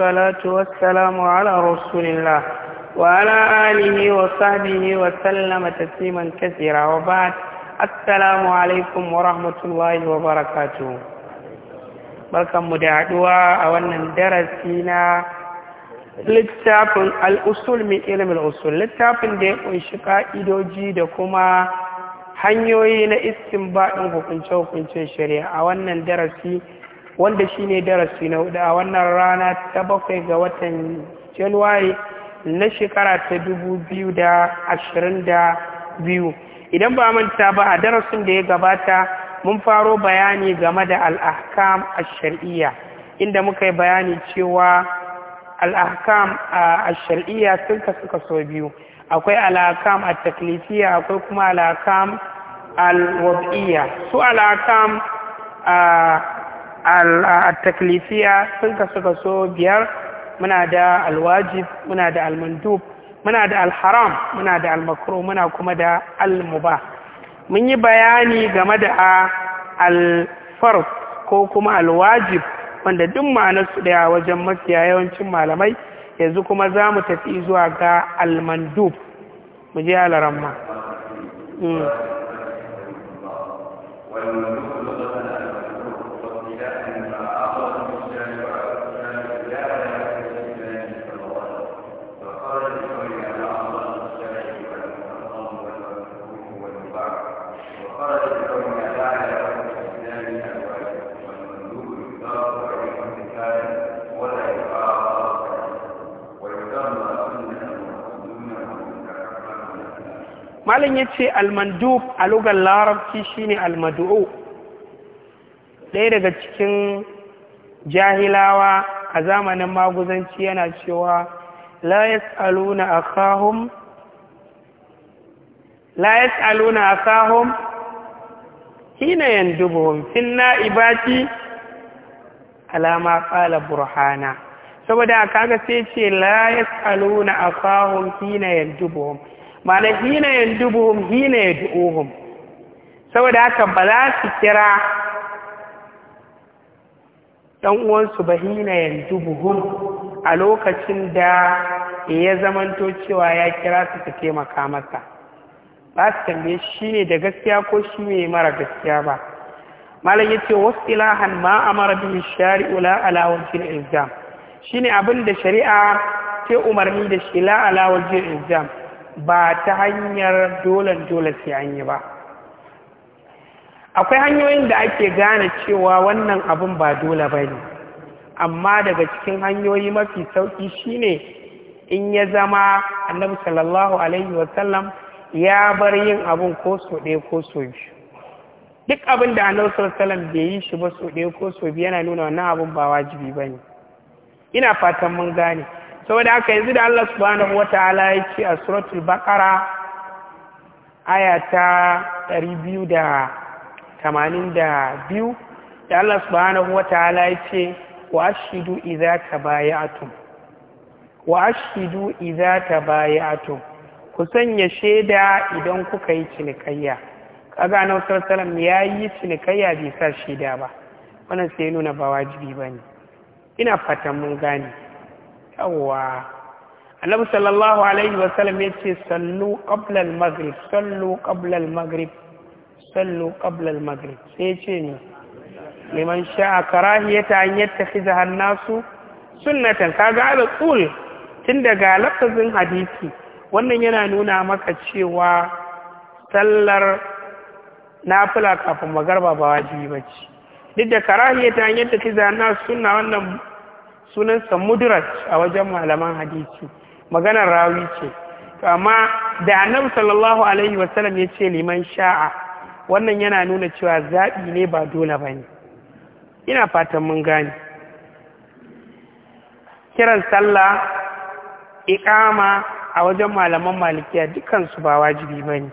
والصلاة والسلام على رسول الله وعلى آله وصحبه وسلم تسليما كثيرا وبعد السلام عليكم ورحمة الله وبركاته بلكم مدعوة أولا درسينا wannan darasi na littafin al'usul min ilimin usul littafin da ya ƙunshi ƙa'idoji da kuma hanyoyi na iskin baɗin hukunce-hukuncen shari'a a wannan darasi wanda shine darasi na hudu a wannan rana ta bakwai ga watan januwari na shekara ta dubu biyu da ashirin da biyu idan ba manta ba a darasin da ya gabata mun faro bayani game da al'ahkam a shari'iyya inda muka yi bayani cewa al'ahkam a shari'iyya sun kasu kaso biyu akwai al'ahkam a taklifiya akwai kuma al'ahkam al'wad'iyya su al'ahkam al-taklifiya sun kasu kaso biyar muna da alwajib muna da almandub muna da alharam muna da almakro muna kuma da almuba mun yi bayani game da alfar ko kuma alwajib wanda duk ma'anarsu daya wajen mafiya yawancin malamai yanzu kuma za mu tafi zuwa ga almandub mu je alaramma. Hmm. malin ya ce almandub a lugar larabci shine almadu'u ɗaya daga cikin jahilawa a zamanin maguzanci yana cewa la yas'aluna akahum a yas'aluna hina hina yandubuhum fin na'ibati alama qala burhana saboda kaga sai ce la a akahum hina yandubuhum ma'ana hina yandubuhum hina yad'uhum saboda haka ba za su kira dan uwansu ba hina yandubuhum a lokacin da ya zamanto cewa ya kira su ta taimaka masa ba su tambaye shi ne da gaskiya ko shi ne mara gaskiya ba malam yace wasilahan ma amara bihi shari'u la ala wajhil ilzam shine abin da shari'a ce umarni da shi la ala wajhil ilzam ba ta hanyar dolan dole sai an yi ba akwai hanyoyin da ake gane cewa wannan abin ba dole ba ne amma daga cikin hanyoyi mafi sauƙi shine in ya zama annabi sallallahu alaihi wasallam ya bar yin abin ko so ɗaya ko so biyu duk abin da annabi sallallahu alaihi bai yi shi ba so ɗaya ko so biyu yana nuna wannan abin ba wajibi ba ne ina fatan mun gane saboda haka yanzu da Allah subhanahu Taala ya ce a suratul baqara aya ta 282 da Allah subhanahu Taala ya ce wa ashidu idza tabaya'tum wa ashidu idza tabaya'tum ku sanya shaida idan kuka yi cinikayya kaga na sallallahu ya yi cinikayya bai sa shaida ba wannan sai nuna ba wajibi bane ina fatan mun gane yawwa annabi sallallahu alaihi wa sallam yace sallu qabla al-maghrib sallu qabla al-maghrib sallu qabla al-maghrib sai yace ne liman sha'a karahiyata an yattakhidha an-nasu sunnatan kaga ala qul tun daga lafazin hadisi wannan yana nuna maka cewa sallar nafila kafin magarba ba wajibi bace duk da karahiyata an yattakhidha an-nasu sunna wannan sunansa mudraj a wajen malaman hadisi maganar rawi ce amma da annabi sallallahu alaihi wasallam ya ce liman sha'a wannan yana nuna cewa zaɓi ne ba dole ba ne ina fatan mun gane kiran sallah iƙama a wajen malaman malikiya dukansu ba wajibi ba ne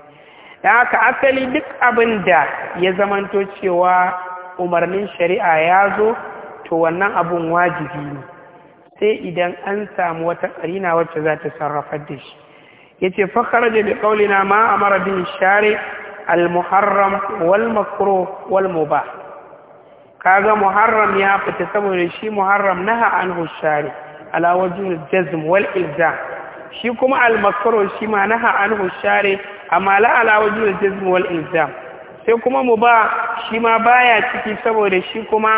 da haka asali duk abin da ya zamanto cewa umarnin shari'a ya zo to wannan abun wajibi ne sai idan an samu wata ƙarina wacce za ta sarrafar da shi ya ce fakar da bi ƙaunina ma a mara bin share al-muharram wal makro wal muba kaga muharram ya fita saboda shi muharram naha an hushari ala wajhul jazm wal ilzam shi kuma al makro shi ma na an hushari amma la ala wajhul jazm wal ilzam sai kuma muba shi ma baya ciki saboda shi kuma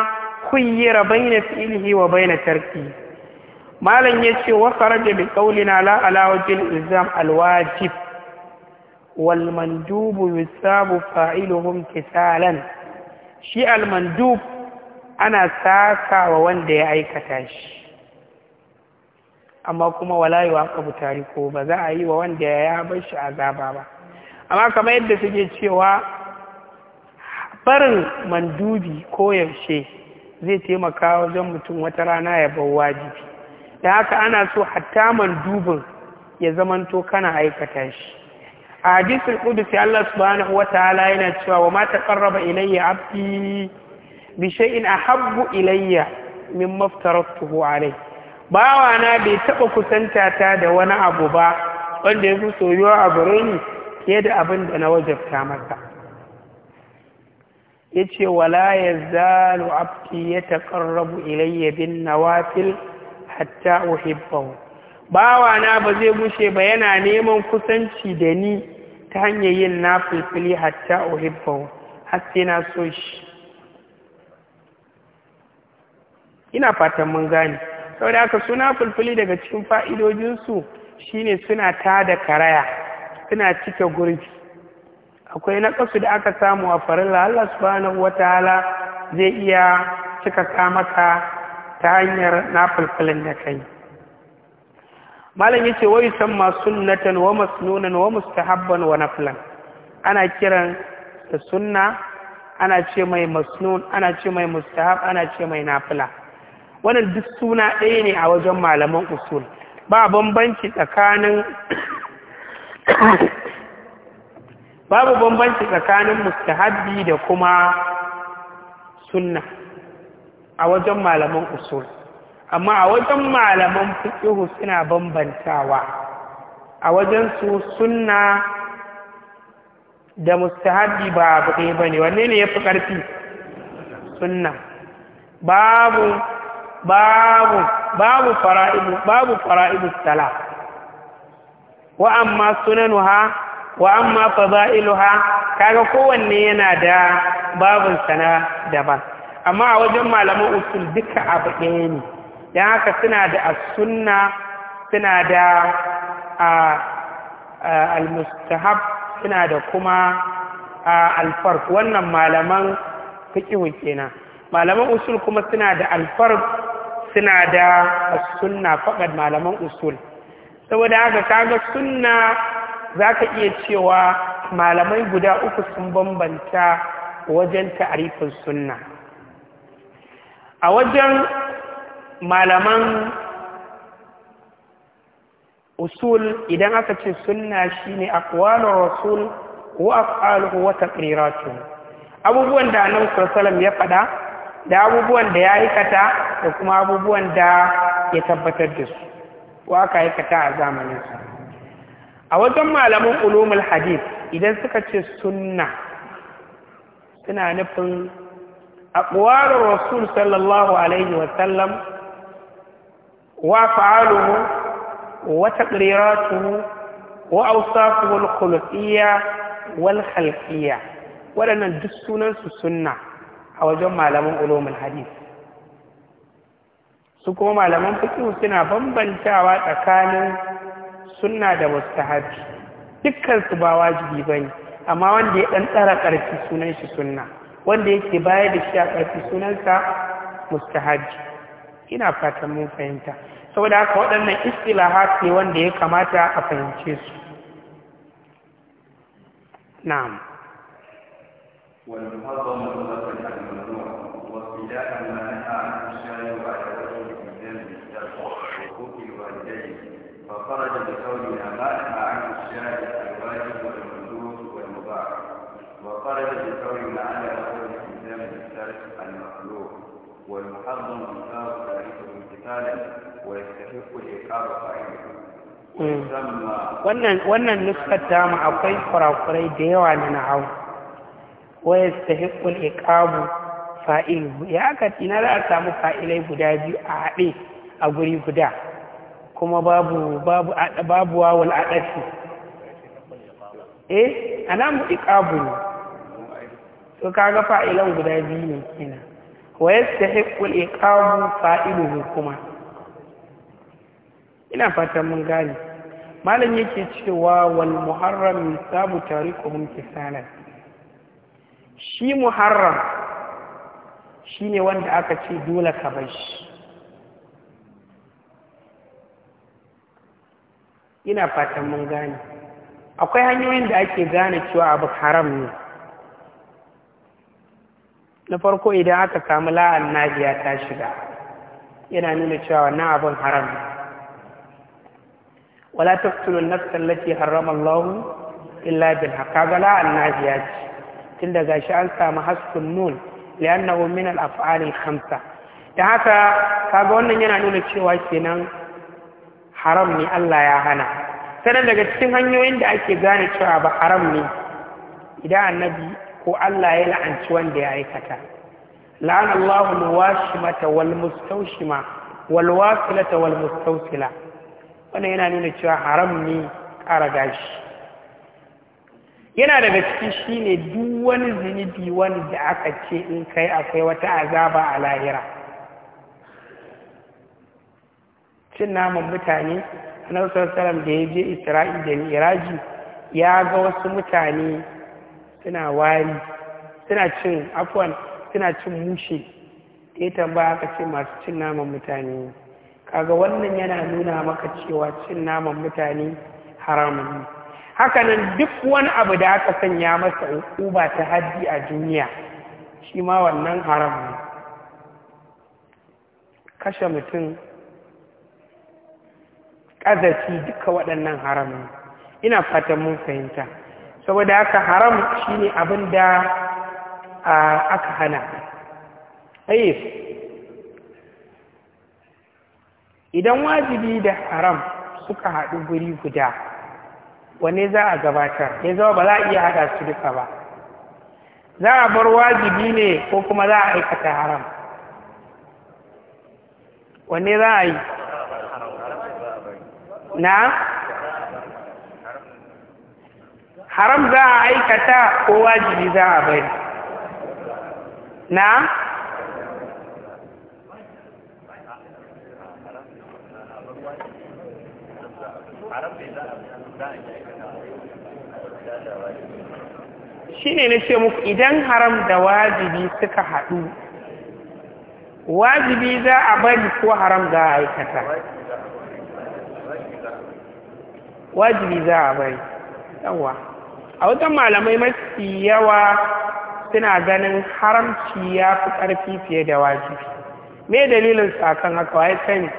khuyyira bayna fi'lihi wa bai na tarkihi malam ya ce wa kharaja bi qawlina la ala wajil ilzam alwajib wal mandub yusabu fa'iluhum kisalan shi al mandub ana saka wa wanda ya aikata shi amma kuma wala yi waƙabu butari ko ba za a yi wa wanda ya bar shi azaba ba amma kamar yadda suke cewa barin mandubi koyaushe zai taimaka wajen mutum wata rana ya bar wajibi da haka ana so hatta mandubin ya zamanto kana aikata shi a hadisul qudusi Allah subhanahu wataala yana cewa wa ma taqarraba ilayya abdi bi shay'in ahabbu ilayya mimma aftaratuhu alayhi bawa na bai taba kusanta ta da wani abu ba wanda yafi soyuwa a gare ni fiye da abin da na wajabta masa yace wala yazalu abdi yataqarrabu ilayya bin nawafil hatta uhibbahu bawa na ba zai bushe ba yana neman kusanci da ni ta hanyar yin nafilfili hatta uhibbahu har sai na so shi ina fatan mun gane saboda haka suna fulfili daga cikin fa'idojinsu shine suna tada karaya suna cike gurbi akwai naƙasu da aka samu a farilla Allah subhanahu wataala zai iya cika kamata. ta hanyar nafilfilin da kai malam yace wa yusamma sunnatan wa masnunan wa mustahabban wa nafilan ana kiran da sunna ana ce mai masnun ana ce mai mustahab ana ce mai nafila wannan duk suna ɗaya ne a wajen malaman usul ba bambanci tsakanin babu bambanci tsakanin mustahabbi da kuma sunna a wajen malaman usul amma a wajen malaman fiƙihu suna bambantawa a wajen su sunna da mustahabi ba buɗe ba ne wanne ne ya fi ƙarfi sunna babu babu babu fara'idu babu fara'idu sala wa amma sunanuha wa amma fada'iluha kaga kowanne yana da babun sana daban amma a wajen malaman usul duka abu ɗaya ne don haka suna da a sunna suna da al suna da kuma a alfark wannan malaman fiqh na malaman usul kuma suna da alfark suna da a sunna faqad malaman usul saboda haka kaga sunna ka iya cewa malamai guda uku sun bambanta wajen ta'arifin sunna a wajen malaman usul idan aka ce sunna shine aqwalur rasul wa af'aluhu wa taqriratuhu abubuwan da annabi sallallahu ya faɗa da abubuwan da ya aikata da kuma abubuwan da ya tabbatar da su wa aka aikata a zamanin su a wajen malaman ulumul hadith idan suka ce sunna suna nufin أقوال الرسول صلى الله عليه وسلم وأفعاله وتقريراته وأوصافه الخلقية والخلقية ولنا في السنة أو جمع لهم علوم الحديث سكوما لهم فكيه سنة بمبن شعوات أكان سنة دو استهاد دكال سبا واجبي بني أما وان دي أنترى قرتي سنة سنة wanda yake baya da shi a ƙarfi sunansa mustahaji ina fatan mun fahimta saboda haka waɗannan istilaha ne wanda ya kamata a fahimce su na'am والحظم والسلاح والنور والسلاح Hmm. wannan nuskar dama akwai kurakurai da yawa na na'au waya stahiqul iqabu fa'il ya aka ina za a samu fa'ilai guda biyu a haɗe a guri guda kuma babu babu babu wawul adafi eh mu iqabu ne to kaga fa'ilan guda biyu ne kenan waya stahiqul iqabu fa'iluhu kuma ina fatan mun gane malam yake cewa wal muharram sabu tarikuhum kisalan shi muharram shine wanda aka ce dole ka bar shi ina fatan mun gane akwai hanyoyin da ake gane cewa abu haram ne na farko idan aka samu la'an nahiya ta shiga yana nuna cewa na abin haram ne wala taqtulun nafsa allati harrama Allah illa bil haqq la annabiyat Tunda daga shi an samu haskun nun li'annahu min al af'al al khamsa da haka kaga wannan yana nuna cewa kenan haram ne Allah ya hana sanan daga cikin hanyoyin da ake gane cewa ba haram ne idan annabi ko Allah ya la'anci wanda ya aikata la'an Allahu muwashimata wal mustawshima wal wasilata wal mustawsila wannan yana nuna cewa haram ne ƙara gashi yana daga ciki shine duk wani zunubi wanda aka ce in kai akwai wata azaba a lahira cin naman mutane a nausar salam da ya je isra'i da iraji ya ga wasu mutane suna wari suna cin afuwan suna cin mushe ya tambaya aka ce masu cin naman mutane kaga wannan yana nuna maka cewa cin naman mutane haramun ne hakanan duk wani abu da aka sanya masa hukuma ta haddi a duniya shi ma wannan haram ne kashe mutum ƙazafi duka waɗannan haram ne ina fatan mun fahimta saboda haka haram ne abin da aka hana ayyuka idan wajibi da haram suka haɗu guri guda wane za a gabatar ya zama ba za a iya haɗa su duka ba za a bar wajibi ne ko kuma za a aikata haram wane za a yi na haram za a aikata ko wajibi za a bari na shi ne na ce muku idan haram da wajibi suka haɗu wajibi za a bari ko haram za a aikata wajibi za a bari yawa a wajen malamai mafi yawa suna ganin haramci ya fi ƙarfi fiye da wajibi me dalilin sakan haka wa ya sani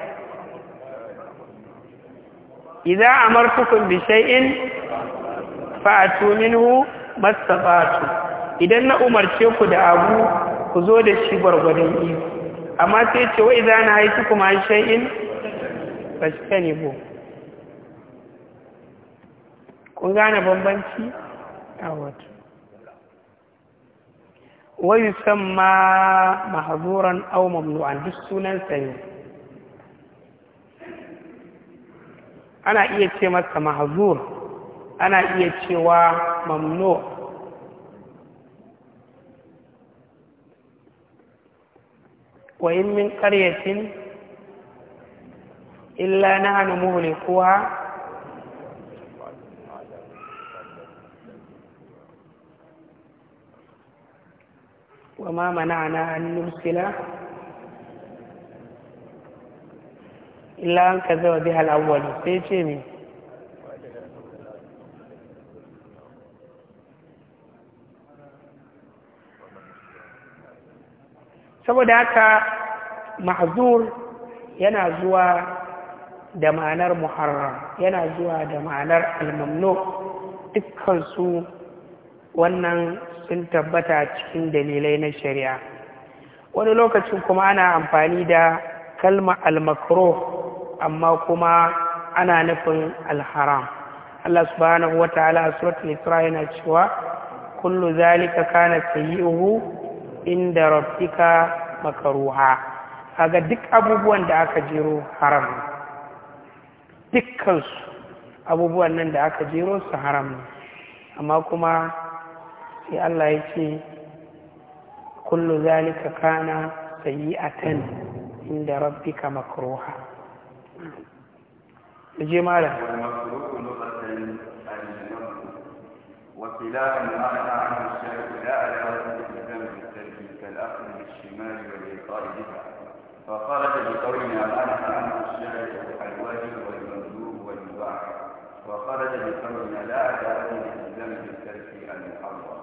idza amartukum bi shay'in fa'atu minhu mastata'tu idan na umarce ku da abu ku zo da shi gwargwadon iko amma sai ce na idza nahaytukum an shay'in fastanibu kun gane bambanci a wato wa yusamma mahzuran aw mamnu'an duk sunansa ne ana iya ce masa mahzur ana iya cewa mamnu wa in min qaryatin illa nahnu muhlikuha وما منعنا أن illa an ka zama bihal awwal sai ce saboda haka mazur yana zuwa da ma'anar muharram yana zuwa da ma'anar almamnu dukkansu wannan sun tabbata cikin dalilai na shari'a wani lokacin kuma ana amfani da kalma almakro amma kuma ana nufin alharam Allah subhanahu wa ta'ala a suratul Isra yana cewa kullu zalika kana sayyi'uhu inda rabbika makruha kaga duk abubuwan da aka jero haram dukkan abubuwan nan da aka jero su haram amma kuma sai Allah ya ce kullu zalika kana sayyi'atan inda rabbika makruha لغة je ما وكلاهما عنه الشرع لا علاقة بالإسلام بالترك كالأخذ بالشمال والإلقاء بها فخرج بقولنا منع عنه الشرع الواجب والمندوب والمباح وخرج بقولنا لا علاقة بالإسلام بالترك المحرم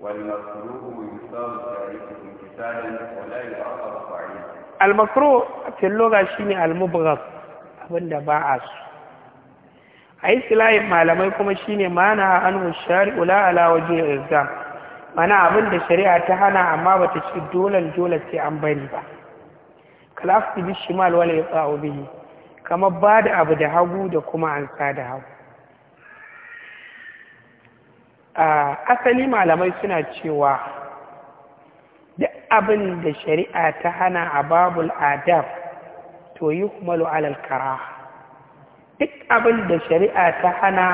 والمكروه يصاب تاريخه امتثالا ولا يعاقب فاعله المفروض في اللغة شيء المبغض da ba a su a silayin malamai kuma shine mana an shari'u la ala waje ilzam mana abin da shari'a ta hana amma bata ci dolan dole sai an bari ba kalafti bi shimal wala tsawo bihi kama ba da abu da hagu da kuma an sa da hagu a asali malamai suna cewa duk abin da shari'a ta hana a babul adab to yi kumalu alal duk abin da shari'a ta hana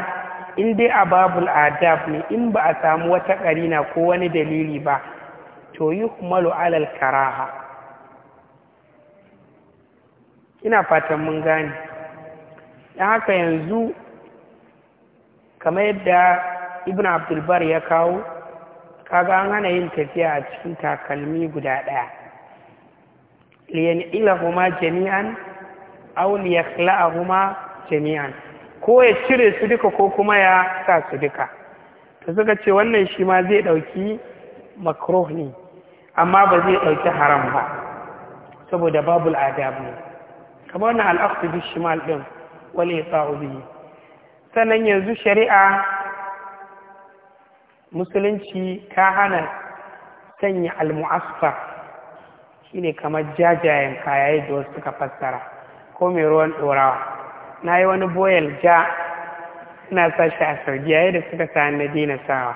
in dai a babul adab ne in ba a samu wata ƙarina ko wani dalili ba to yi kumalu alal ha ina fatan mun gane don haka yanzu kamar yadda ibn abdulbar ya kawo kaga an hana yin tafiya a cikin takalmi guda ɗaya liyan'ilahuma jami'an aw liyakhla'ahuma jami'an ko ya cire su duka ko kuma ya sa su duka to suka ce wannan shi ma zai dauki makruh ne amma ba zai dauki haram ba saboda babul adab ne kamar wannan al-aqd bi shimal din wal isa'u bi sannan yanzu shari'a musulunci ka hana sanya al-mu'assar ne kamar jajayen kaya yadda wasu suka fassara ko mai ruwan ɗorawa na yi wani boyal ja suna sa shi a yayi da suka sa na daina sawa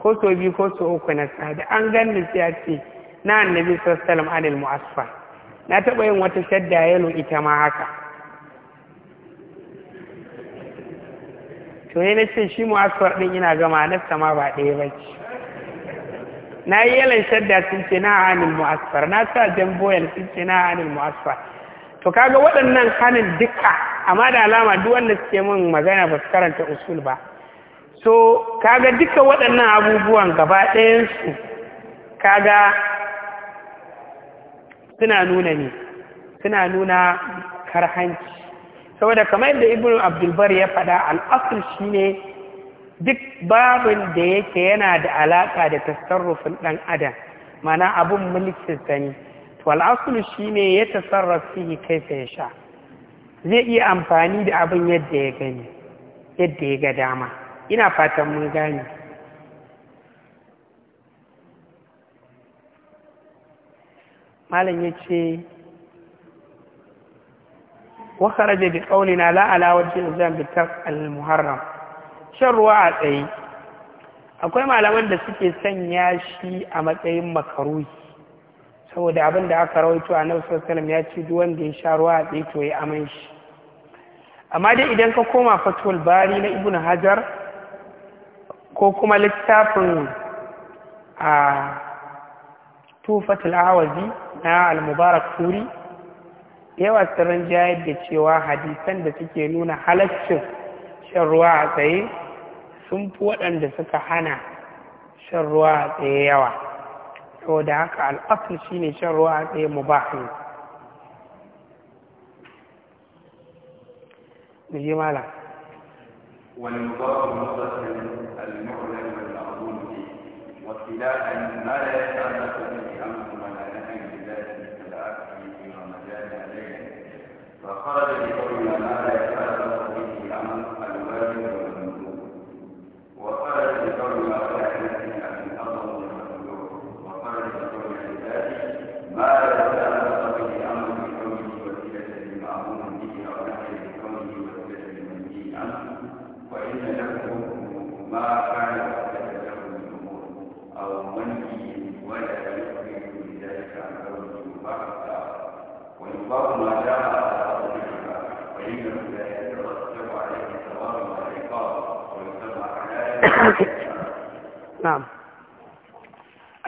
ko so biyu ko so uku na sa da an gan sai a ce na annabi sallallahu alaihi mu'asfa na taɓa yin wata shadda yalo ita ma haka to ne na ce shi mu'asfar ɗin ina gama na sama ba ɗaya ba ce na yi yalan shadda sun ce na hannun mu'asfar na sa jan boyan sun ce na hannun mu'asfar to kaga waɗannan hannun duka amma da alama duk wanda suke min magana ba su karanta usul ba so kaga duka waɗannan abubuwan gaba ɗayansu kaga suna nuna ne suna nuna karhanci saboda kamar yadda ibn abdulbar ya faɗa al'asul shine duk babin da yake yana da alaƙa da tasarrufin ɗan adam mana abun mulkin sani to al'asulu shi ne ya tasarrafi kai sai sha zai iya amfani da abin yadda ya gani yadda ya ga dama ina fatan mun gane malam ya ce kharaja bi ƙaunina la'ala wajen zan bi al-muharram shan ruwa a tsaye akwai malaman da suke sanya shi a matsayin makaruhi saboda abin da aka rawaito a nan sosalam ya ce duk wanda ya sha ruwa a tsaye to ya aman shi amma dai idan ka koma fatuwal bari na Ibu hajar ko kuma littafin a tufatul awazi na al-mubarak turi yawa sirrin jayar da cewa hadisan da suke nuna halaccin shan ruwa a tsaye sun fi waɗanda suka hana shan ruwa tsaye yawa saboda haka shi ne shan ruwa a tsaye mubahin mu je mala والمضاف المتصل المعلن والمقبول به واصطلاحا ما لا يتعلق نعم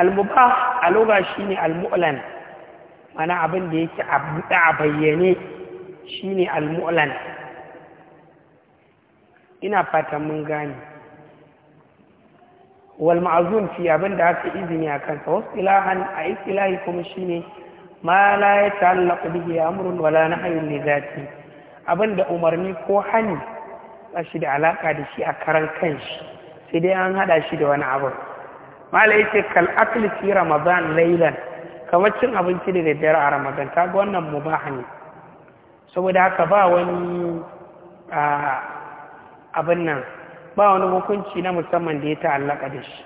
المباح a lugha shine معنى ابن mana abin da بيني a bayyane shine al ina fatan mun gane wal ma'zun fi abin da aka izini akan, kansa wasu a istilahi kuma shine ma la ya ta'allaqu bihi amrun wala nahyun li zati abinda umarni ko hani ba shi da alaka da shi a karan kanshi sai dai an hada shi da wani abu mala yace kal akli fi ramadan laylan kamar cin abinci da daddare a ramadan kaga wannan mubaha ne saboda haka ba wani abin nan ba wani hukunci na musamman da ya ta'allaka da shi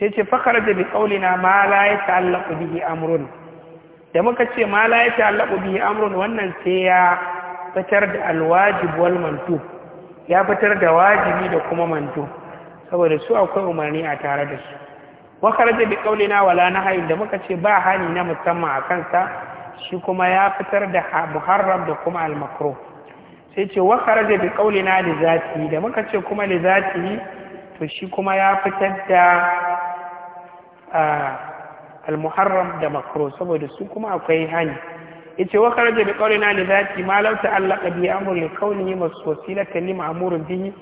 sai ce fakar da bi kaulina ma la ya ta'allaqu bihi amrun da muka ce ma la yake ta'allaqu bihi amrun wannan sai ya fitar da alwajib wal mantu ya fitar da wajibi da kuma mantu saboda su akwai umarni a tare da su wa kharaja bi qawlina wala nahyi da muka ce ba hani na musamman a kansa shi kuma ya fitar da muharram da kuma al makruh sai ce wa kharaja bi qawlina li zati da muka ce kuma li zati to shi kuma ya fitar da ah, al-muharram da makro saboda su kuma akwai hani yace wa kharaja bi qawlina li dhati ma law ta'allaqa bi amrin li kawnihi wasilatan li ma'murin bihi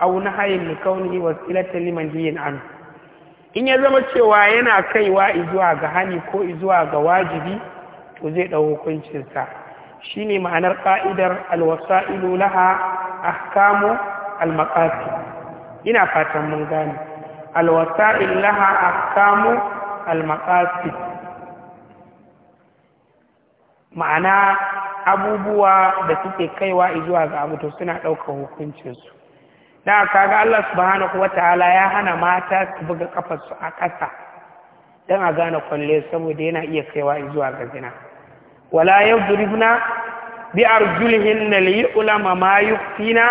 aw nahyin li kawnihi wasilatan li manhiyin an in ya zama cewa yana kaiwa izuwa ga hani ko izuwa ga wajibi to zai dau hukuncin sa shine ma'anar ka'idar al-wasa'ilu laha ahkamu al-maqasid ina fatan mun gane al-wasa'il laha ahkamu al-maqasid ma'ana abubuwa da suke kaiwa zuwa ga abu to suna ɗaukar hukuncinsu da kaga Allah subhanahu wataala ya hana mata su buga kafarsu a ƙasa don a gane kwalle saboda yana iya kaiwa zuwa ga zina wala yadribna bi arjulihinna li ma yukfina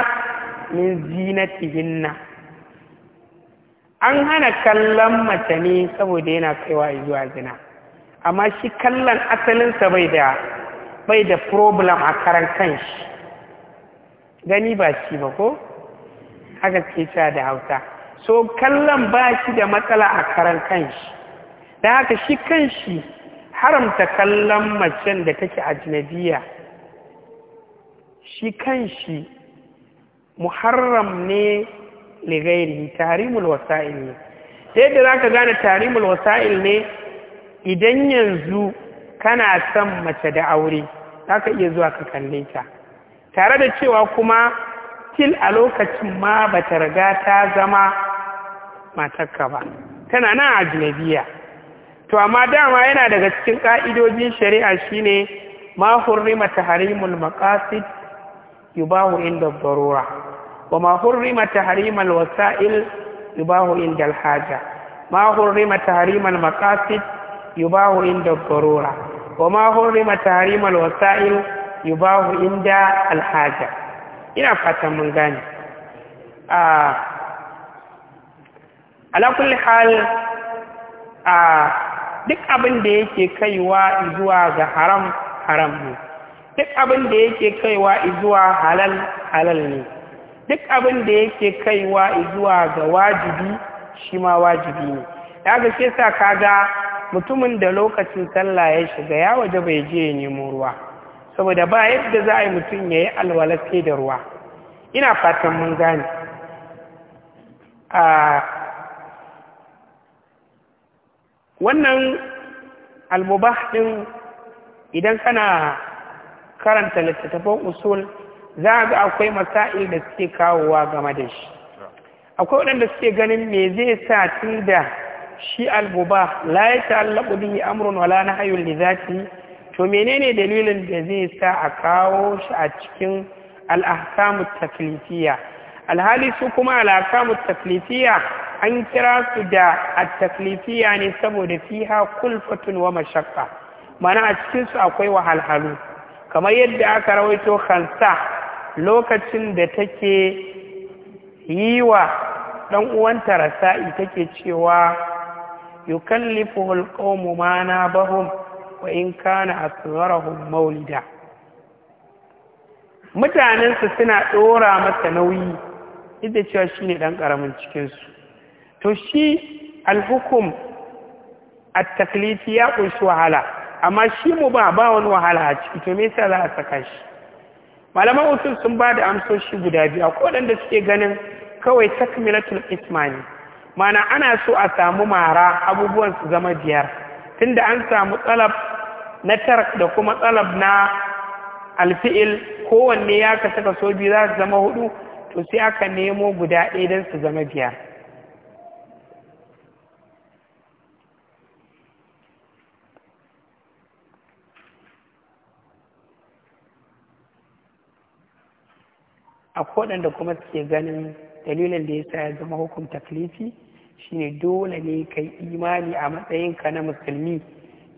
min zinatihinna an hana kallon mace ne saboda yana kaiwa zuwa zina amma shi kallon asalinsa bai da bai da problem a karan kanshi gani ba shi ba ko haka ke cewa da hausa so kallon ba shi da matsala a karan kanshi da haka shi kanshi haramta kallon macen da take ajnabiya shi kanshi muharram ne li ghairihi tahrimul wasa'il ne za za ka gane tarimul wasa'il ne idan yanzu kana son mace da aure za ka iya zuwa ka kalle ta tare da cewa kuma til a lokacin ma bata riga ta zama matarka ba tana nan jinabiya to amma dama yana daga cikin ka'idojin shari'a shine ma mata harimul maqasid yubahu inda barura wa ma hurrima tahrim al wasa'il yubahu inda al haja ma hurrima tahrim al maqasid yubahu inda al darura ma hurrima tahrim al wasa'il yubahu inda al ina fatan mun gane a duk abin da yake kaiwa zuwa ga haram haram ne duk abin da yake kaiwa zuwa halal halal ne duk abin da yake kaiwa zuwa ga wajibi shi ma wajibi ne ya ga shi sa ga mutumin da lokacin sallah ya shiga ya waje bai je ya nemo ruwa saboda ba yadda za a yi mutum ya yi alwala sai da ruwa ina fatan mun gane a wannan almubah din idan kana karanta littattafan usul za a ga akwai masail da suke kawowa game da shi akwai waɗanda suke ganin me zai sa tun da shi alguba la ya ta'allaqu bihi amrun wala nahyun li zati to menene dalilin da zai sa a kawo shi a cikin al-ahkamu taklifiyya alhali su kuma al-ahkamu taklifiyya an kira su da at-taklifiyya ne saboda fiha kulfatun wa mashaqqa mana a cikinsu akwai wahalhalu kamar yadda aka rawaito khansa lokacin da take yi wa ɗan uwanta rasa'i take cewa yukallifuhu mu ma na wa in kana asgharahum maulida mutanen suna ɗora masa nauyi inda cewa shi ne ɗan ƙaramin cikinsu, to shi alhukum a taklifi ya ƙunshi wahala amma shi mu ba ba wani wahala a ciki to me yasa za a saka shi malaman usul sun ba da amsoshi guda biyu ko waɗanda suke ganin kawai takmilatul ismani mana ana so a samu mara abubuwan su zama biyar tunda an samu tsalab na tark da kuma tsalab na alfi'il kowanne ya ka saka biyu za su zama hudu to sai aka nemo guda ɗaya don su zama biyar akwai waɗanda kuma suke ganin dalilin da ya sa ya zama hukum taklifi shine dole ne ka yi imani a matsayinka na musulmi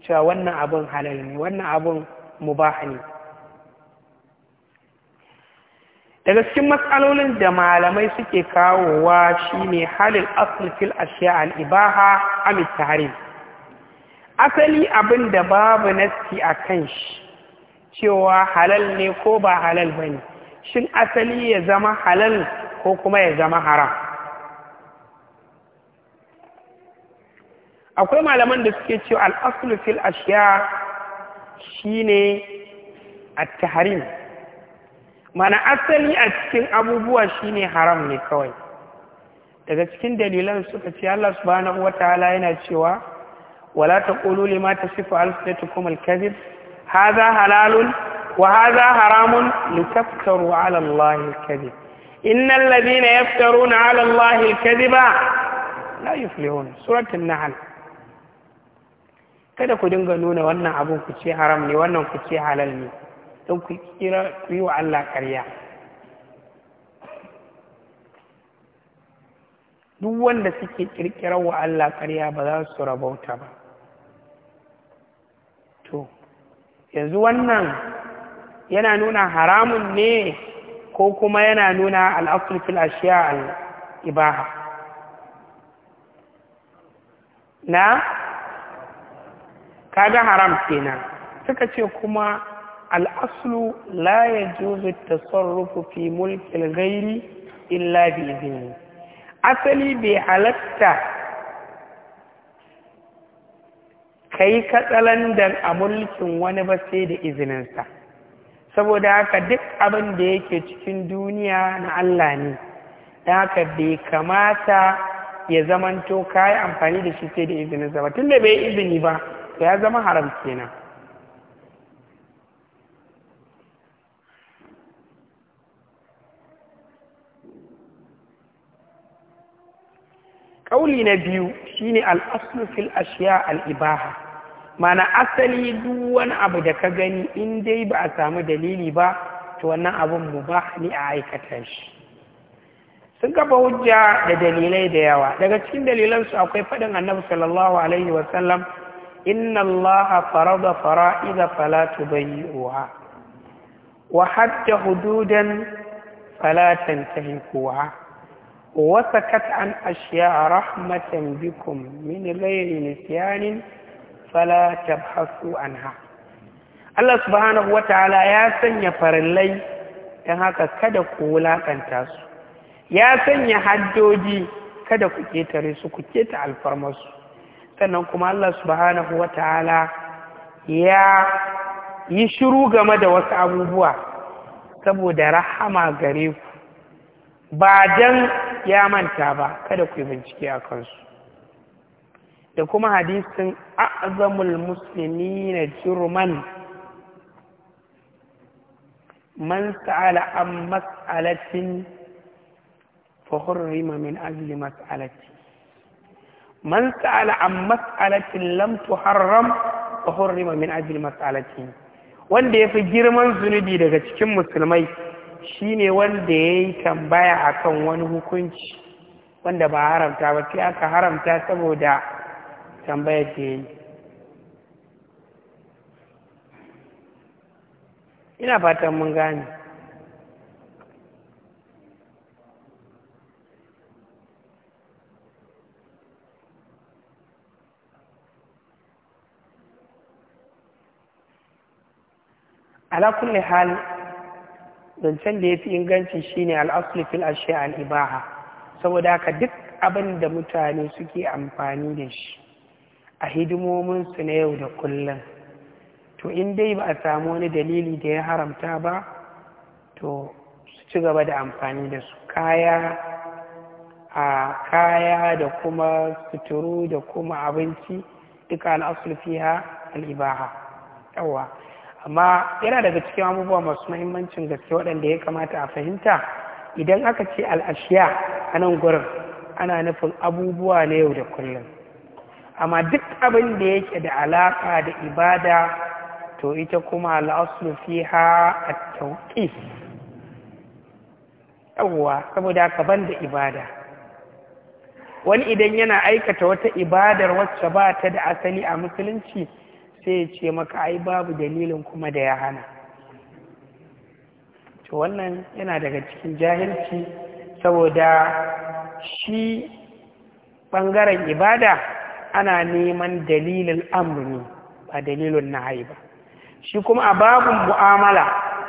cewa wannan abin halal ne wannan abin mubaha ne daga cikin matsalolin da malamai suke kawowa shine halin asl fil ashiya al ibaha am tahrim asali abin da babu nasti akan shi cewa halal ne ko ba halal bane shin asali ya zama halal ko kuma ya zama haram akwai malaman da suke cewa al'asulu fil ashiya shine at mana asali a cikin abubuwa shine haram ne kawai daga cikin dalilan suka ce Allah subhanahu wataala yana cewa wala ta lima tasifu alsinatukum al ha za halalun wa hadha haramun litaftaru ala allahi alkadhib innal ladhina yaftaruna ala allahi alkadhiba la yuflihun suratul kada ku dinga nuna wannan abun ku ce haram ne wannan ku ce halal ne don ku kira ku yi wa Allah ƙarya duk wanda suke kirkirar wa Allah ƙarya ba za su rabauta ba to yanzu wannan yana nuna haramun ne ko kuma yana nuna al'asul fil ashiya al’ibaha na kaga haram kenan suka ce kuma al'aslu la ta tasarrufu fi mulkin gairi illa bi izini asali bai halatta ka yi katsalandan a mulkin wani ba sai da izininsa saboda haka duk abin da yake cikin duniya na Allah ne da haka bai kamata ya zamanto ka yi amfani da shi sai da izinin ba tun da bai izini ba to ya zama haram kenan ƙauli na biyu shine al-aslu fil ashiya al-ibaha mana asali duk wani abu da ka gani in dai ba a samu dalili ba to wannan mu ba ni a aikata shi sun gaba hujja da dalilai da yawa daga cikin su akwai faɗin annabi sallallahu alaihi sallam. inna allaha farada fara'ida fala tubayyi'uha wa hatta hududan fala tantahikuha wa sakat an ashiya rahmatan bikum min ghairi nisyanin fala tabhasu anha Allah subhanahu wataala ya sanya farillai dan haka kada ku wulakanta su ya sanya haddoji kada ku ketare su ku keta alfarmasu sannan kuma Allah subhanahu wataala ya yi shiru game da wasu abubuwa saboda rahama gare ku ba dan ya manta ba kada ku yi bincike a kansu da kuma hadisin a'zamul muslimina jurman man sa'ala an mas'alatin fa min ajli mas'alati man sa'ala an mas'alatin lam tuharram fa min ajli mas'alati wanda yafi girman zunubi daga cikin musulmai shine wanda yayi tambaya akan wani hukunci wanda ba haramta ba sai aka haramta saboda tambaya ce ina fatan mun gane ala kulli hal zancen da ya fi inganci shine al'asli fil ashiya al-ibaha saboda haka duk abin da mutane suke amfani da shi a hidimominsu na yau da kullum to in dai ba a samu wani dalili da ya haramta ba to su ci gaba da amfani da su kaya a kaya da kuma suturu da kuma abinci duka al'asul fiha al'ibaha yawa amma yana daga cikin abubuwa masu mahimmancin gaske waɗanda ya kamata a fahimta idan aka ce al'ashiya a nan gurin ana nufin abubuwa na yau da kullum amma duk abin da yake da alaka da ibada to ita kuma al'aslu fiha at-tawqif yawwa saboda ka banda ibada wani idan yana aikata wata ibadar wacce ba ta da asali a musulunci sai ya ce maka ai babu dalilin kuma da ya hana to wannan yana daga cikin jahilci saboda shi ɓangaren ibada ana neman dalilin amri ba dalilin nahayi ba shi kuma a babin mu'amala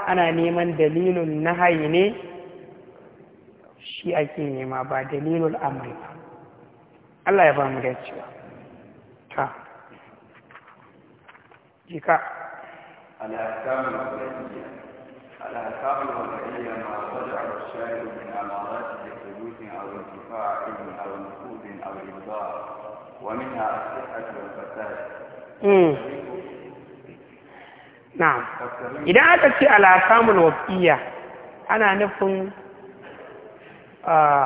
ana neman dalilin nahayi ne shi ake nema ba dalilin amri ba Allah ya ba mu dacewa ta jika الأحكام الوضعية الأحكام الوضعية ما رجع الشارع من أمارات لثبوت أو انتفاع علم أو نفوذ أو إبدار ومنها الصحة والفساد idan aka ce alakamul wafiya ana nufin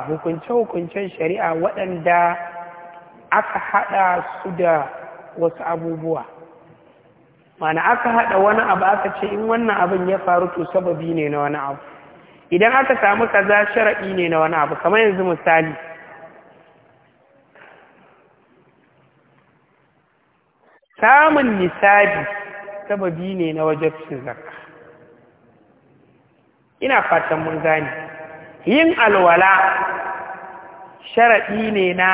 hukunce-hukuncen shari'a waɗanda aka haɗa su da wasu abubuwa mana aka haɗa wani abu aka ce in wannan abin ya faru to sababi ne na wani abu idan aka samu kaza sharaɗi ne na wani abu kamar yanzu misali samun nisabi sababi ne na wajabcin zarka ina fatan mun gane yin alwala sharaɗi ne na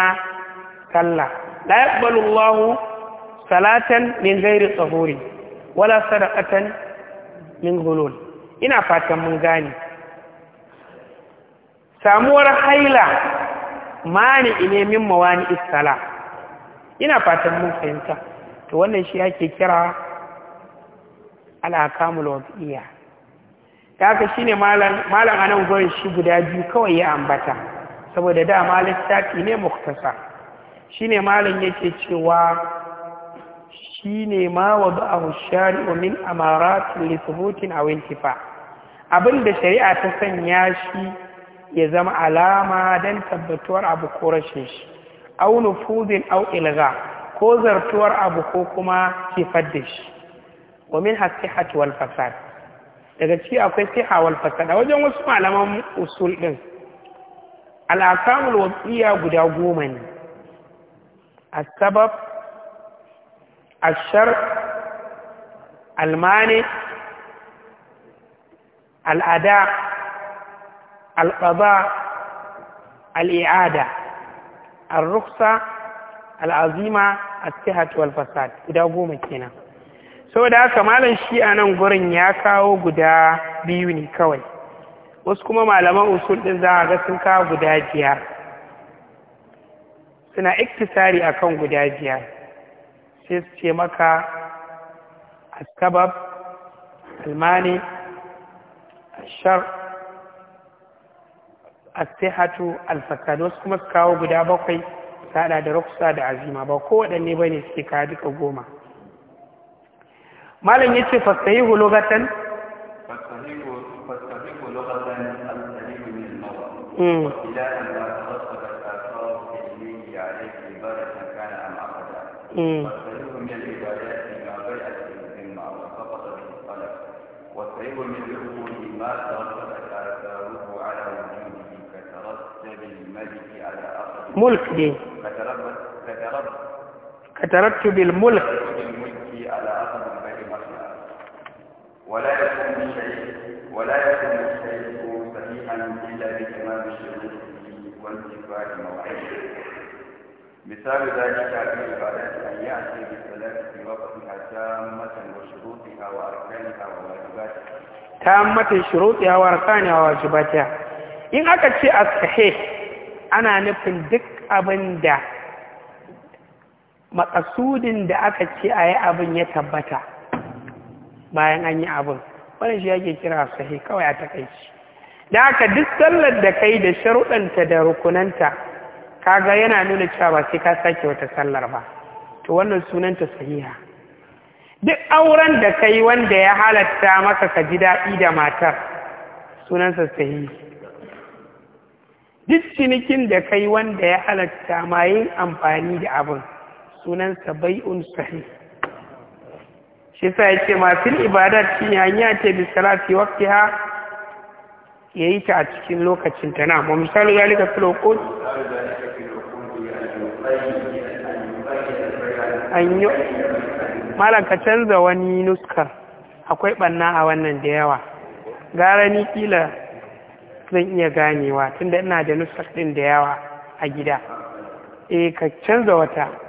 kalla. la yaqbalu Allahu salatan min ghairi tsahuri wala sadaqatan min ghulul ina fatan mun gane samuwar haila mani ne min mawani isala ina fatan mun fahimta to wannan shi ake kira al'akamul wafiya ta haka shi ne malam nan gwarin shi guda biyu kawai ya ambata saboda dama littafi ne muktasa shi ne malam yake cewa shi ne ma ba a hushari min amaratun lissubutin a wintifa abinda shari'a ta sanya shi ya zama alama don tabbatuwar abu ko rashin shi au nufuzin au ilga ko zartuwar abu ko kuma kifar da shi wa min hasihati wal fasad daga ci akwai siha wal fasad a wajen wasu malaman usul din al-akamul wasiya guda goma ne as-sabab الشر المانع الأداء القضاء الإعادة الرخصة العظيمة as-sihat wal fasad guda goma kenan saboda haka malam shi a nan gurin ya kawo guda biyu ne kawai wasu kuma malaman usul din za a ga sun kawo guda biyar suna iktisari akan guda biyar sai su ce maka askabab almani ashar asihatu alfasad wasu kuma su kawo guda bakwai ta hada da ruksa da azima ba kowaɗanne ba ne suke kawo duka goma malam ya ce fasahihu lugatan والصحيح من العبادات ما بدأت بالذمة وسقط بالطلب والصحيح من العقول ما ترتبت آثاره على وجوده كترتب الملك على أخذ ملك دي كترتب الملك ولا يكون الشيء ولا يكون الشيء صحيحا الا بكمال الشروط وانتفاء موعده مثال ذلك في عبادة ان ياتي بالصلاه في وقتها تامه وشروطها واركانها وواجباتها تامه شروطها واركانها وواجباتها إن aka شيء a أنا نفهم دك abin da makasudin da aka ce a yi abin ya tabbata bayan an yi abin wani shi yake kira sahi kawai a takaici da aka duk sallar da kai da sharuɗanta da rukunanta kaga yana nuna cewa ba sai ka sake wata sallar ba to wannan sunanta sahiha duk auren da kai wanda ya halatta maka ka ji daɗi da matar sunansa sahihi duk cinikin da kai wanda ya halatta ma yin amfani da abin sunansa bai'un sahih shi sa ya ce masu ibadat shi yanya ce bi salati waqtiha ya yi ta a cikin lokacin ta na ma misali zalika fil uqud an yi malam ka canza wani nuskar akwai banna a wannan da yawa gara ni kila zan iya ganewa tunda ina da nuskar din da yawa a gida eh ka canza wata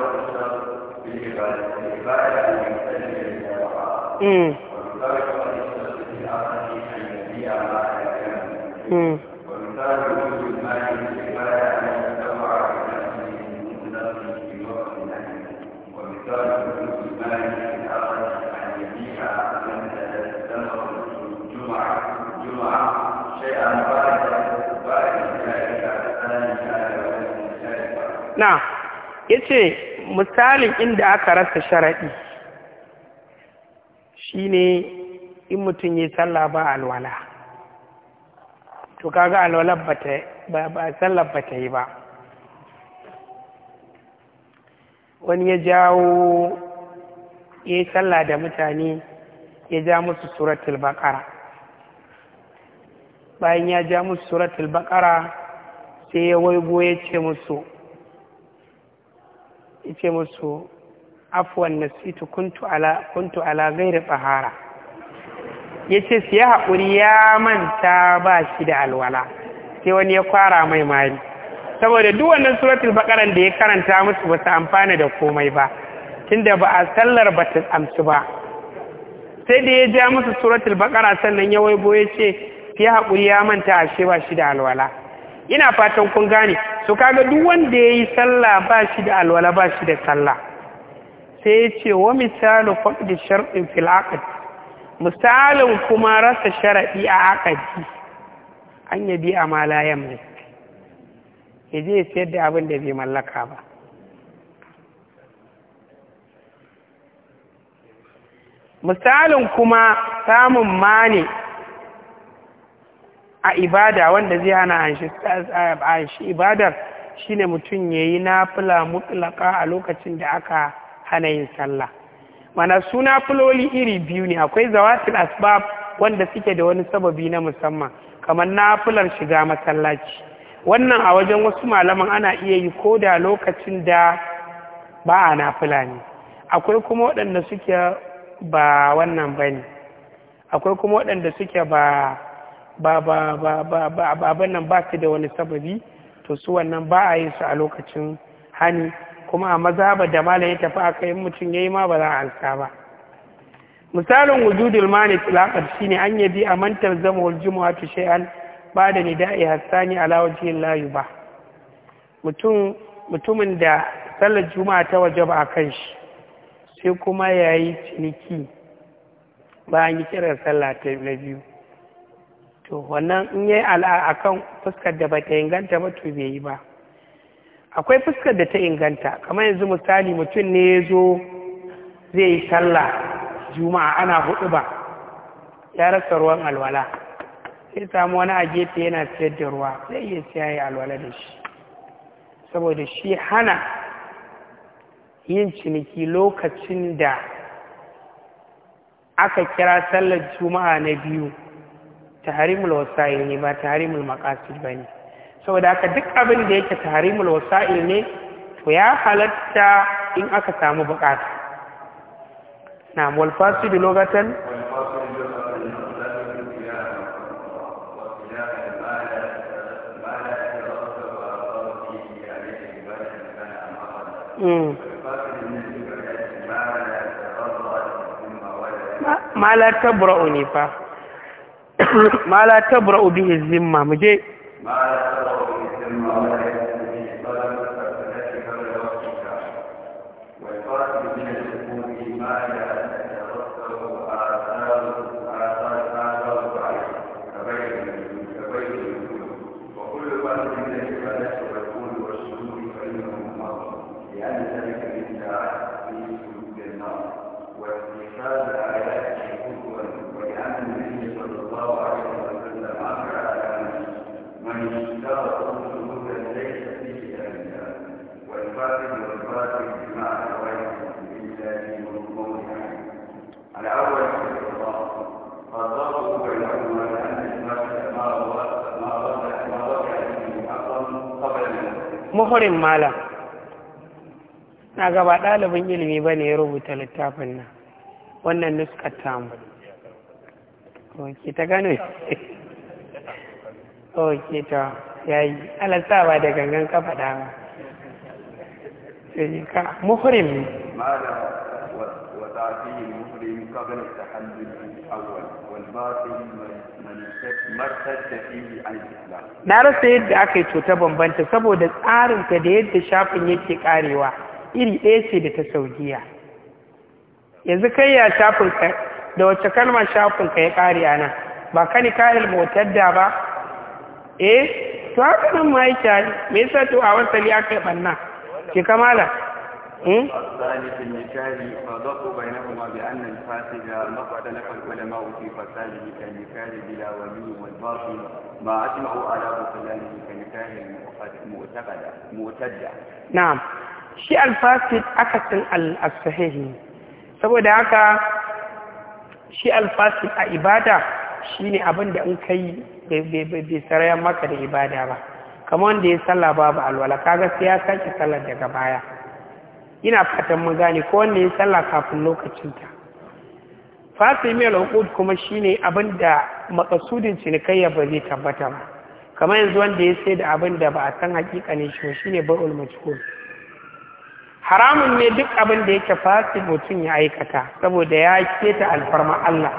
Mm. it's a misalin inda aka rasa sharaɗi shine in mutum yi sallah ba alwala to kaga alwala ba sallar ba ta yi ba wani ya jawo ya yi sallah da mutane ya ja musu suratul baƙara bayan ya ja musu suratul baƙara sai ya waigo ya ce musu ce musu afwan nasitu kuntu ala kuntu ala ghairi tsahara yace su ya haƙuri ya manta ba shi da alwala sai wani ya kwara mai mari saboda duk wannan suratul baqaran da ya karanta musu ba su amfana da komai ba tunda ba a sallar ba ta amsu ba sai da ya ja musu suratul baqara sannan ya waibo ya ce ya haƙuri ya manta ashe ba shi da alwala ina fatan kun gane Su kaga duk wanda ya yi sallah ba shi da alwala ba shi da sallah sai ya ce wa misalin faɗi sharɗin filakat misalin kuma rasa sharaɗi a aqdi an yabi a malayan la ya je ya sayar da abin da bai mallaka ba misalin kuma samun mani a ibada wanda zai hana a shi ibadar shine mutum ya yi nafila mutlaka a lokacin da aka hana yin sallah mana su nafiloli iri biyu ne akwai zawatul asbab wanda suke da wani sababi na musamman kamar nafilar shiga masallaci wannan a wajen wasu malaman ana iya yi ko da lokacin da ba a nafila ne akwai kuma waɗanda suke ba wannan ba ne akwai kuma waɗanda suke ba ba ba ba ba abin nan ba su da wani sababi to su wannan ba a yin su a lokacin hani kuma a maza ba da mala ya tafi aka yi mutum ya yi ma ba za a ansa ba misalin wujudul mani shi shine an yabi a mantar zama wal jumu'atu shay'an ba da ni nida'i hasani ala wajhin la ba mutumin da sallar juma'a ta waje ba a kan shi sai kuma yayi ciniki bayan kiran sallah ta biyu to wannan in yi ala'a akan fuskar da bata inganta ba to bai yi ba akwai fuskar da ta inganta kamar yanzu misali mutum ne ya zo zai yi sallah juma'a ana hudu ba ya rasa ruwan alwala sai samu wani a gefe yana siyar da ruwa zai iya siya ya alwala da shi saboda shi hana yin ciniki lokacin da aka kira sallar juma'a na biyu taharimul wasa'il ne ba taharimul maqasid bane saboda haka duk abin da yake taharimul wasa'il ne to ya halatta in aka samu bukata na'am wal fasid lugatan hmm. ma la tabra'u ne fa ma la tabra'u bihi zimma muje kofarin malam na gaba ɗalibin ilimi ba ne ya rubuta littafin nan wannan nuskar tamu ok ta gano ok ta yi alasta ba da gangan kafa dama sai muhrim قبل التحلل الأول والباطل من مرتد فيه عن الإسلام na rasa yadda aka yi cuta bambanta saboda tsarinta da yadda shafin yake karewa iri ɗaya ce da ta saudiya yanzu kai ya shafin ka da wacce kalmar shafin ka ya kare a nan ba kani kayan motar da ba eh to haka nan ma yake me yasa to a wasali aka yi ɓanna ke kamala الثاني في النكاح فضق بينهما بأن الفاسد مقعد العلماء في فساده كالنكاح بلا ولي والباطل ما أجمعوا على بطلانه كنكاح معتقدة معتدة نعم شيء الفاسد أكثر الصحيح saboda haka shi a ibada shine abin da in kai bai maka da ibada ba kamar wanda ya sallah babu alwala kaga sai ya sake sallar daga baya ina fatan mu gane ko wanne ya sallah kafin lokacinta fasimil uqud kuma shine abinda da makasudin cinikayya ba zai tabbata ba kamar yanzu wanda ya sai da abinda ba a san hakika ne shi shine bai'ul majhul haramun ne duk abinda yake fasi mutum ya aikata saboda ya keta alfarma Allah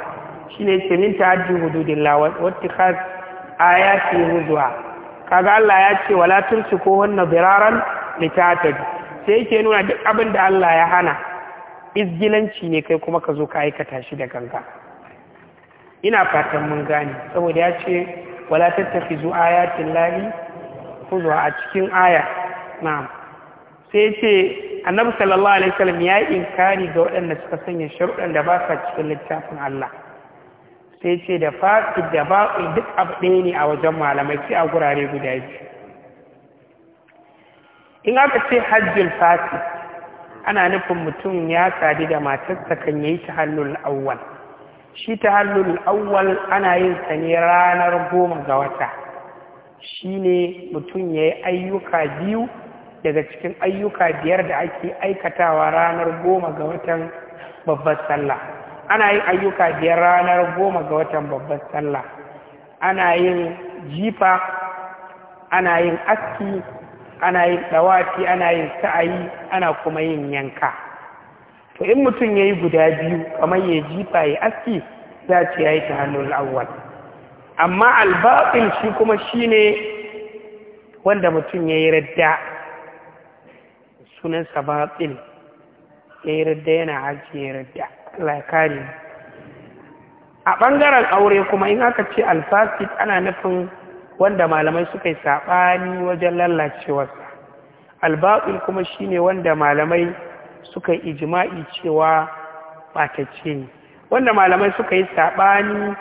shine yake min ta'addi hududillah wa ittikhaz ayati huzwa kaga Allah ya ce wala tumsiku hunna biraran litatadu sai yake nuna duk abin da Allah ya hana izgilanci ne kai kuma ka zo ka aikata shi da ganga. ina fatan mun gane saboda ya ce wala tattafi tattafizu ayatin lahi zuwa a cikin aya na sai ce annabi sallallahu alaihi wasallam ya yi inkari ga waɗanda suka sanya sharuɗan da ba sa cikin littafin Allah sai ce da fasid da ba'u duk abu ɗaya ne a wajen malamai sai a gurare guda biyu in aka ce hajjul fati ana nufin mutum ya sadu da matarsa kan yi ta hannun awwal shi ta hannun awwal ana yin sa ne ranar goma ga wata Shi ne mutum ya yi ayyuka biyu daga cikin ayyuka biyar da ake aikatawa ranar goma ga watan babbar sallah ana yin ayyuka biyar ranar goma ga watan babbar sallah ana yin jifa ana yin aski ana yin ɗawafi ana yin sa'ayi ana kuma yin yanka to in mutum ya yi guda biyu kamar ya jifa ya aski za ce ya yi ta hannun awwal amma albaɓin shi kuma shi ne wanda mutum ya yi radda sunansa baɓin ya yi radda yana haji ya yi radda lakari a ɓangaren aure kuma in aka ce alfasit ana nufin wanda malamai suka yi saɓani wajen lallacewarsa alba'ul kuma shi ne wanda malamai suka yi ijima'i cewa ɓatacce ne wanda malamai suka yi saɓani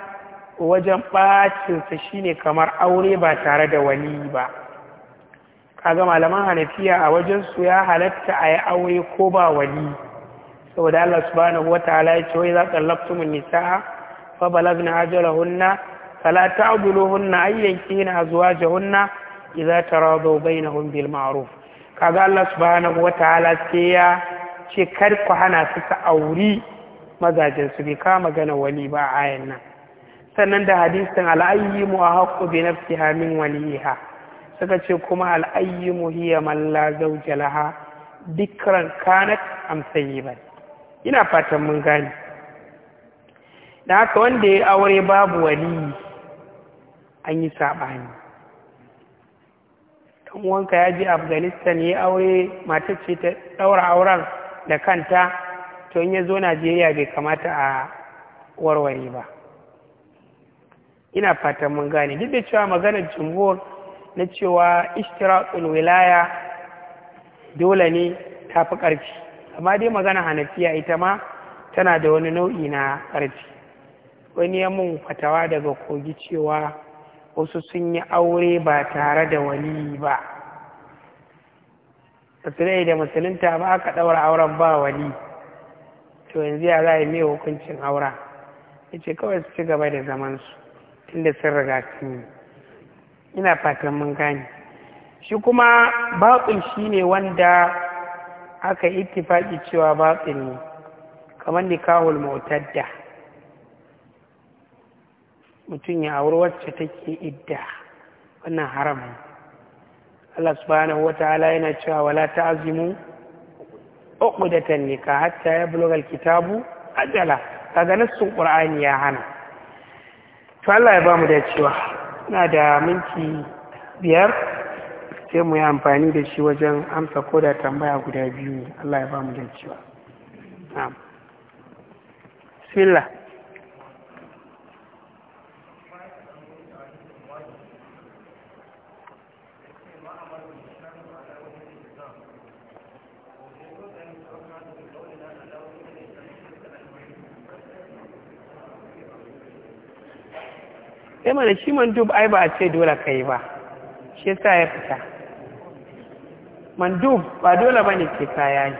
wajen ɓacinsa ne kamar aure ba tare da wani ba kaga malaman hanafiya a wajensu ya halatta a yi aure ko ba wani saboda Allah subhanahu wa ta'ala ya ce wai za tsallaktumun nisa'a fa balagna hunna. fala ta'dhuluhunna ayyankina azwajahunna bai na bainahum bil ma'ruf kaga Allah wata wataala sai ya ce kar ku hana su ta auri mazajen su bai kama magana wani ba ayan nan sannan da hadisin al'ayyimu a haƙƙo bi nafsiha min waliha suka ce kuma al'ayyimu hiya man la zawja laha dikran kanat am ba. ina fatan mun gane da haka wanda ya aure babu waliyi an yi saɓani ɗan wanka ya je afghanistan ya aure matar ce ta ɗaura auren da kanta to in ya zo najeriya bai kamata a warware ba ina fatan mun gane duk da cewa maganar jumhur na cewa ishtira wilaya dole ne ta fi ƙarfi amma dai magana hanafiya ita ma tana da wani nau'i na ƙarfi wani ya mun fatawa daga kogi cewa wasu sun yi aure ba tare da wali ba musulai da musulunta ba aka ɗaura auren ba wali to yanzu ya za a yi mai hukuncin aura ya ce kawai su ci gaba da zamansu tunda sun riga sun yi ina fatan mun gane shi kuma baƙin shi ne wanda aka yi cewa baƙin ne kamar nikahul da. mutum ya auri wacce take idda wannan haram Allah subhanahu wata'ala yana cewa wala ta'zimu uqdatan nikah hatta yablugha alkitabu ajala kaga nassun qur'ani ya hana to Allah ya bamu da cewa ina da minti biyar sai mu yi amfani da shi wajen amsa ko da tambaya guda biyu Allah ya bamu da cewa na'am bismillah sai mana shi mandub ai ba a ce dole ka yi ba shi yasa ya fita mandub ba dole ba ne ke kaya yi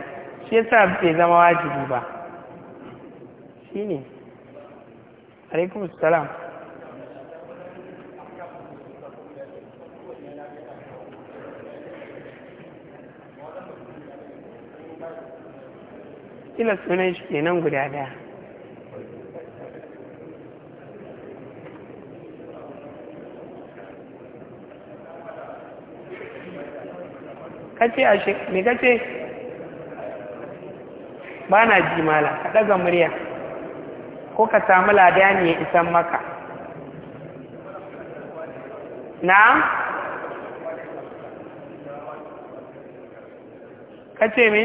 shi yasa bai zama wajibi ba Shi ne alaikum salam kila sunan shi nan guda daya kace a me kace ba na ji mala ka daga murya ko ka samu ladani ya isan maka na kace me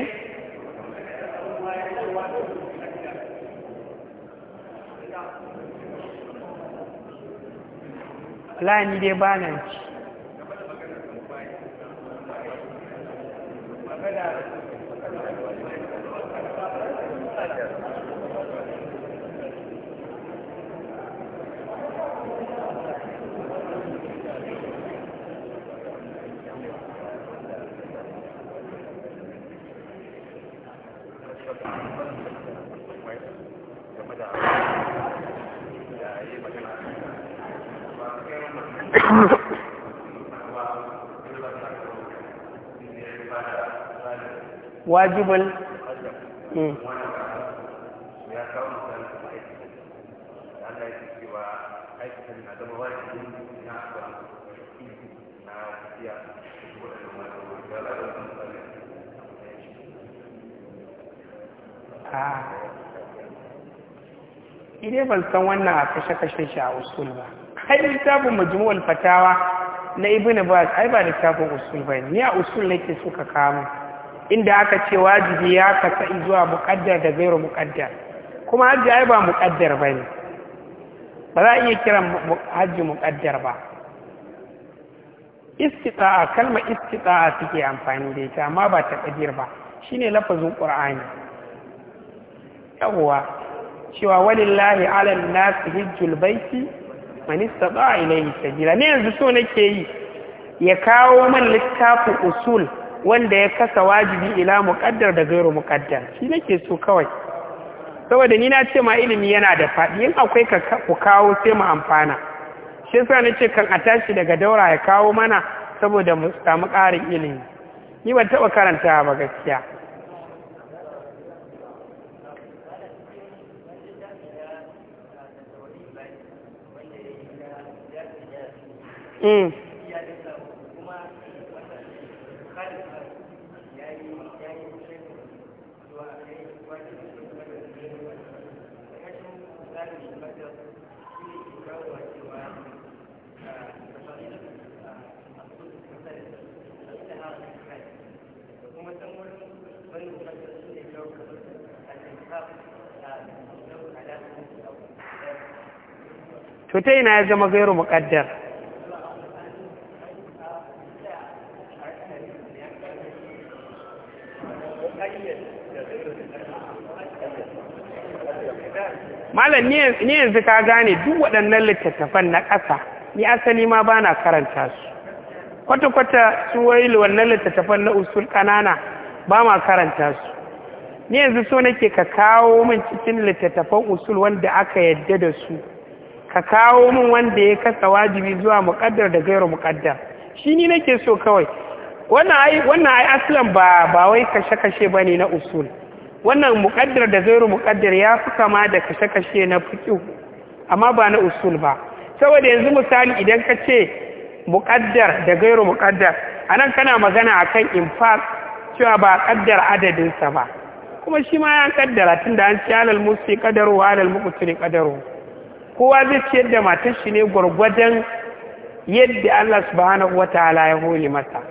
Lani dai ba nan ci. wajibin hmm. ah. idai ban san wannan a kashe-kashe shi a usul ba har littafin majmu'ul fatawa na ibn ba ai ba littafin usul ba Ni a usul nake suka kama inda aka ce wajibi ya kasa zuwa muƙaddar da zairu muƙaddar kuma hajji ai ba muƙaddar ba ne ba za a iya kiran hajji muƙaddar ba istita'a kalmar istita'a suke amfani da ita amma ba taqdir ba shine lafazin ƙur'ani. yawwa cewa walillahi 'alan nasi hajjul baiti ba a ilayhi sabila ne yanzu so nake yi ya kawo man littafin usul wanda ya kasa wajibi ila muƙaddar da gairu muƙaddar shi nake so kawai saboda ni na ce ma ilimi yana da faɗi in akwai ku kawo sai mu amfana shi yasa na ce kan a tashi daga daura ya kawo mana saboda mu samu ƙarin ilimi ni ban taɓa karanta ba gaskiya Mm. fita ina ya zama gairu muƙaddar malam ni yanzu ka gane duk waɗannan littattafan na ƙasa ni asali ma ba na karanta su kwata-kwata su wayi wannan littattafan na usul ƙanana ba ma karanta su ni yanzu so nake ka kawo min cikin littattafan usul wanda aka yadda da su ka kawo min wanda ya kasa wajibi zuwa muƙaddar da gairu muƙaddar shi ni nake so kawai wannan ai aslan ba ba wai kashe-kashe ba ne na usul wannan muƙaddar da gairu muƙaddar ya fi kama da kashe-kashe na fiƙi amma ba na usul ba saboda yanzu misali idan ka ce muƙaddar da gairu muƙaddar a nan kana magana akan kan infaq cewa ba ƙaddar adadinsa ba kuma shi ma ya ƙaddara tunda an ci alal musu ƙadaru wa alal muƙuturi ƙadaru kowa zai ciyar da matar shi ne gwargwadon yadda Allah subhanahu wataala ya hore masa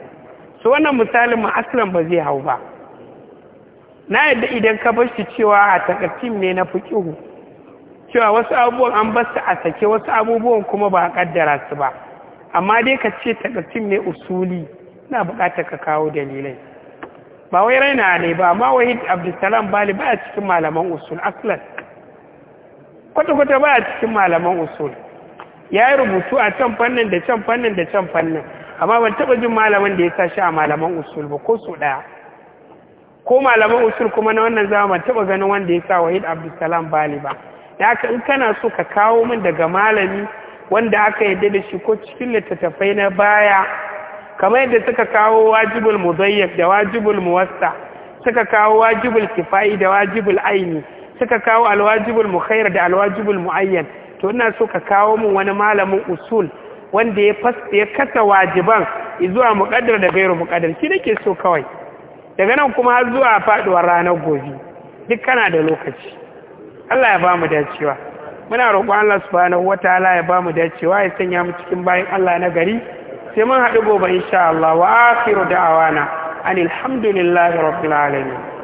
su wannan misalin ma aslan ba zai hau ba na yadda idan ka bar shi cewa a takartim ne na fiqihu cewa wasu abubuwan an bar su a sake wasu abubuwan kuma ba a kaddara su ba amma dai ka ce takartim ne usuli na buƙatar ka kawo dalilai ba wai raina ne ba amma wahid abdulsalam bali baya cikin malaman usul aslan kwata-kwata ba a cikin malaman usul ya yi rubutu a can fannin da can fannin da can fannin amma ban taɓa jin malaman da ya sa shi a malaman usul ba ko su ɗaya ko malaman usul kuma na wannan zama ban taɓa ganin wanda ya sa wahid abdulsalam bali ba da ka in kana so ka kawo min daga malami wanda aka yadda da shi ko cikin littattafai na baya kamar yadda suka kawo wajibul muzayyaf da wajibul muwassa suka kawo wajibul kifayi da wajibul aini suka kawo alwajibul mukhair da alwajibul muayyan to ina so ka kawo mun wani malamin usul wanda ya ya kasa wajiban zuwa muqaddar da gairu muqaddar shi nake so kawai daga nan kuma har zuwa faduwar ranar gobe duk kana da lokaci Allah ya bamu dacewa muna roƙon Allah subhanahu wataala ya bamu dacewa ya sanya mu cikin bayin Allah na gari sai mun haɗu gobe insha Allah wa akhiru da'awana anil hamdulillahi rabbil alamin